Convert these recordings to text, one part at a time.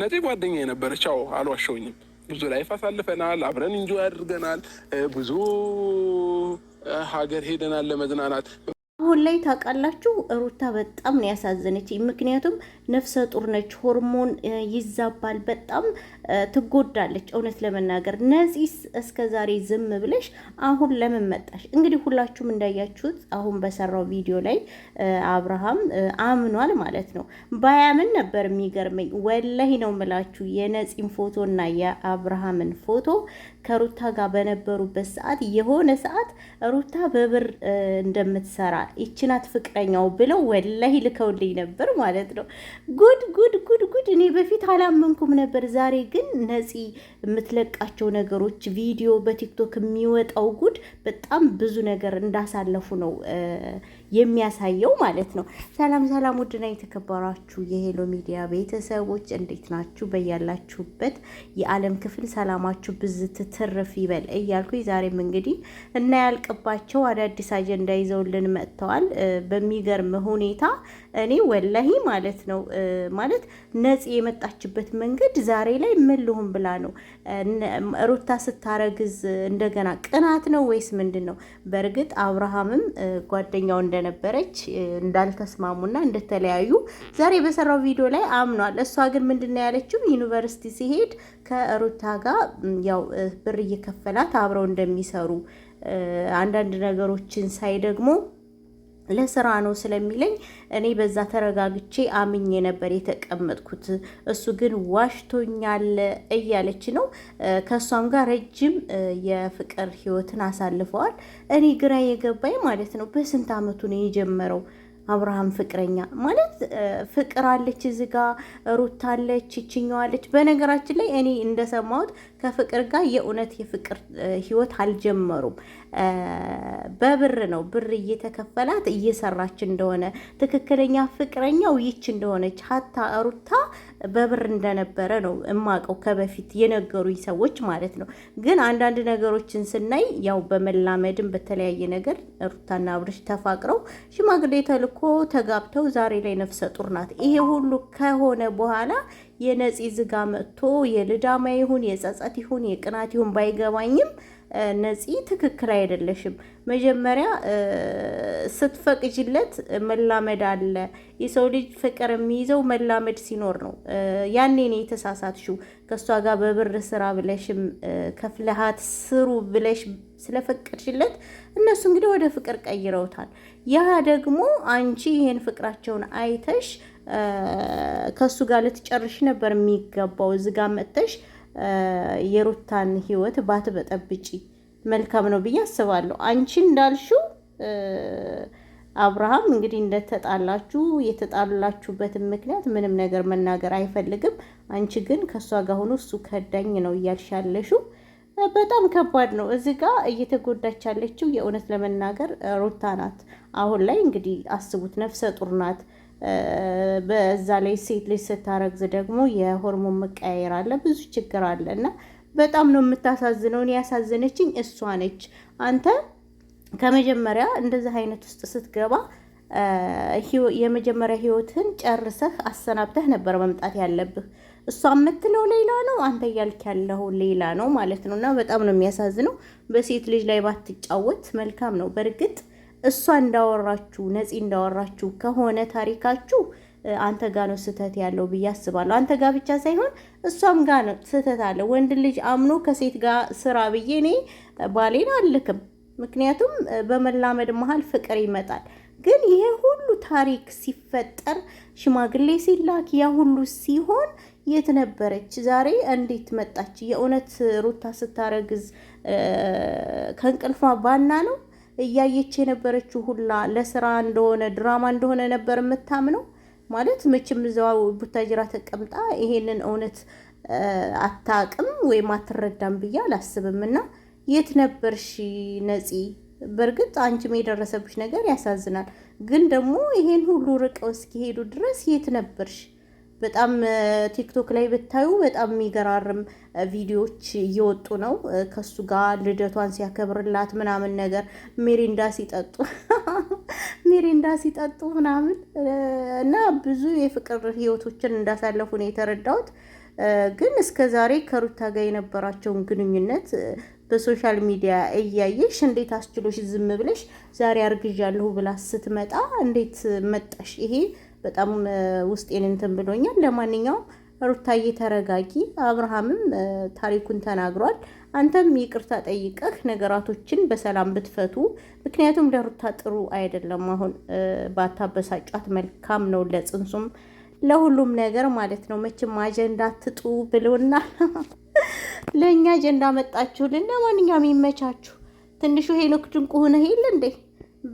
ነጤ ጓደኛ የነበረች አዎ፣ አልዋሸውኝም። ብዙ ላይፍ አሳልፈናል፣ አብረን እንጆ አድርገናል፣ ብዙ ሀገር ሄደናል ለመዝናናት። አሁን ላይ ታውቃላችሁ ሩታ በጣም ነው ያሳዘነች። ምክንያቱም ነፍሰ ጡር ነች፣ ሆርሞን ይዛባል፣ በጣም ትጎዳለች። እውነት ለመናገር ነፂስ እስከ ዛሬ ዝም ብለሽ አሁን ለምን መጣሽ? እንግዲህ ሁላችሁም እንዳያችሁት አሁን በሰራው ቪዲዮ ላይ አብርሃም አምኗል ማለት ነው። ባያምን ነበር የሚገርመኝ። ወላይ ነው ምላችሁ የነፂን ፎቶ እና የአብርሃምን ፎቶ ከሩታ ጋር በነበሩበት ሰዓት የሆነ ሰዓት ሩታ በብር እንደምትሰራ ይችናት ፍቅረኛው ብለው ወላሂ ልከውልኝ ነበር ማለት ነው። ጉድ ጉድ ጉድ ጉድ! እኔ በፊት አላመንኩም ነበር። ዛሬ ግን ነፂ የምትለቃቸው ነገሮች፣ ቪዲዮ በቲክቶክ የሚወጣው ጉድ በጣም ብዙ ነገር እንዳሳለፉ ነው የሚያሳየው ማለት ነው። ሰላም ሰላም! ውድና የተከበራችሁ የሄሎ ሚዲያ ቤተሰቦች እንዴት ናችሁ? በያላችሁበት የዓለም ክፍል ሰላማችሁ ብዝት ትርፍ ይበል እያልኩ ዛሬም እንግዲህ እናያልቅባቸው አዳዲስ አጀንዳ ይዘውልን መጥተው መጥተዋል። በሚገርም ሁኔታ እኔ ወላሂ ማለት ነው ማለት ነፂ የመጣችበት መንገድ ዛሬ ላይ ምን ልሁን ብላ ነው ሩታ ስታረግዝ እንደገና ቅናት ነው ወይስ ምንድን ነው? በእርግጥ አብርሃምም ጓደኛው እንደነበረች እንዳልተስማሙና እንደተለያዩ ዛሬ በሰራው ቪዲዮ ላይ አምኗል። እሷ ግን ምንድን ነው ያለችው? ዩኒቨርሲቲ ሲሄድ ከሩታ ጋር ያው ብር እየከፈላት አብረው እንደሚሰሩ አንዳንድ ነገሮችን ሳይ ደግሞ ለስራ ነው ስለሚለኝ እኔ በዛ ተረጋግቼ አምኜ ነበር የተቀመጥኩት። እሱ ግን ዋሽቶኛል እያለች ነው። ከእሷም ጋር ረጅም የፍቅር ህይወትን አሳልፈዋል። እኔ ግራ የገባኝ ማለት ነው በስንት አመቱ ነው የጀመረው አብርሃም ፍቅረኛ ማለት ፍቅር አለች፣ እዚህ ጋ ሩት አለች፣ ይችኛዋ አለች። በነገራችን ላይ እኔ እንደሰማሁት ከፍቅር ጋር የእውነት የፍቅር ህይወት አልጀመሩም። በብር ነው ብር እየተከፈላት እየሰራች እንደሆነ ትክክለኛ ፍቅረኛው ይች እንደሆነች ሀታ ሩታ በብር እንደነበረ ነው እማቀው ከበፊት የነገሩኝ ሰዎች ማለት ነው። ግን አንዳንድ ነገሮችን ስናይ ያው በመላመድም በተለያየ ነገር ሩታና አብርሽ ተፋቅረው ሽማግሌ ተልኮ ተጋብተው ዛሬ ላይ ነፍሰ ጡር ናት። ይሄ ሁሉ ከሆነ በኋላ የነፂ ዝጋ መጥቶ የልዳማ ይሁን የጸጸት ይሁን የቅናት ይሁን ባይገባኝም ነፂ ትክክል አይደለሽም። መጀመሪያ ስትፈቅጅለት መላመድ አለ። የሰው ልጅ ፍቅር የሚይዘው መላመድ ሲኖር ነው። ያኔ ነው የተሳሳትሽው። ከእሷ ጋር በብር ስራ ብለሽም ከፍለሃት ስሩ ብለሽ ስለፈቀድሽለት እነሱ እንግዲህ ወደ ፍቅር ቀይረውታል። ያ ደግሞ አንቺ ይሄን ፍቅራቸውን አይተሽ ከእሱ ጋር ልትጨርሽ ነበር የሚገባው። እዚህ ጋር መጥተሽ የሩታን ህይወት ባት በጠብጪ መልካም ነው ብዬ አስባለሁ። አንቺ እንዳልሽው አብርሃም እንግዲህ እንደተጣላችሁ የተጣላችሁበትን ምክንያት ምንም ነገር መናገር አይፈልግም። አንቺ ግን ከእሷ ጋር ሆኖ እሱ ከዳኝ ነው እያልሽ በጣም ከባድ ነው። እዚህ ጋር እየተጎዳች ያለችው የእውነት ለመናገር ሩታ ናት። አሁን ላይ እንግዲህ አስቡት፣ ነፍሰ ጡር ናት። በዛ ላይ ሴት ልጅ ስታረግዝ ደግሞ የሆርሞን መቀያየር አለ፣ ብዙ ችግር አለ እና በጣም ነው የምታሳዝነውን። ያሳዘነችኝ እሷ ነች። አንተ ከመጀመሪያ እንደዚህ አይነት ውስጥ ስትገባ የመጀመሪያ ህይወትህን ጨርሰህ አሰናብተህ ነበር መምጣት ያለብህ። እሷ የምትለው ሌላ ነው፣ አንተ እያልክ ያለው ሌላ ነው ማለት ነው። እና በጣም ነው የሚያሳዝነው። በሴት ልጅ ላይ ባትጫወት መልካም ነው በእርግጥ እሷ እንዳወራችሁ ነፂ እንዳወራችሁ ከሆነ ታሪካችሁ አንተ ጋ ነው ስህተት ያለው ብዬ አስባለሁ። አንተ ጋ ብቻ ሳይሆን እሷም ጋ ነው ስህተት አለ። ወንድ ልጅ አምኖ ከሴት ጋ ስራ ብዬ እኔ ባሌን አልክም። ምክንያቱም በመላመድ መሀል ፍቅር ይመጣል። ግን ይሄ ሁሉ ታሪክ ሲፈጠር ሽማግሌ ሲላክ ያ ሁሉ ሲሆን የት ነበረች? ዛሬ እንዴት መጣች? የእውነት ሩታ ስታረግዝ ከእንቅልፏ ባና ነው እያየች የነበረችው ሁላ ለስራ እንደሆነ ድራማ እንደሆነ ነበር የምታምነው። ማለት መቼም እዛው ቡታጅራ ተቀምጣ ይሄንን እውነት አታቅም ወይም አትረዳም ብዬ አላስብም። እና የት ነበርሽ ነፂ? በእርግጥ አንቺም የደረሰብሽ ነገር ያሳዝናል። ግን ደግሞ ይሄን ሁሉ ርቀው እስኪሄዱ ድረስ የት ነበርሽ? በጣም ቲክቶክ ላይ ብታዩ በጣም የሚገራርም ቪዲዮዎች እየወጡ ነው። ከሱ ጋር ልደቷን ሲያከብርላት ምናምን ነገር ሚሪንዳ ሲጠጡ ሚሪንዳ ሲጠጡ ምናምን እና ብዙ የፍቅር ህይወቶችን እንዳሳለፉ ነው የተረዳሁት። ግን እስከ ዛሬ ከሩታ ጋር የነበራቸውን ግንኙነት በሶሻል ሚዲያ እያየሽ እንዴት አስችሎሽ ዝም ብለሽ ዛሬ አርግዣለሁ ብላ ስትመጣ እንዴት መጣሽ? ይሄ በጣም ውስጤን እንትን ብሎኛል። ለማንኛውም ሩታዬ ተረጋጊ። አብርሃምም ታሪኩን ተናግሯል። አንተም ይቅርታ ጠይቀህ ነገራቶችን በሰላም ብትፈቱ። ምክንያቱም ለሩታ ጥሩ አይደለም። አሁን ባታበሳጫት መልካም ነው፣ ለጽንሱም ለሁሉም ነገር ማለት ነው። መቼም አጀንዳ ትጡ ብሎና ለእኛ አጀንዳ መጣችሁልን። ለማንኛውም ይመቻችሁ። ትንሹ ሄኖክ ድንቁ ሆነ ሄል እንዴ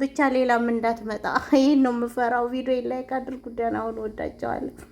ብቻ ሌላም እንዳትመጣ። ይህን ነው የምፈራው። ቪዲዮ ላይክ አድርጉ። ደህና ሁኑ። ወዳቸዋለሁ።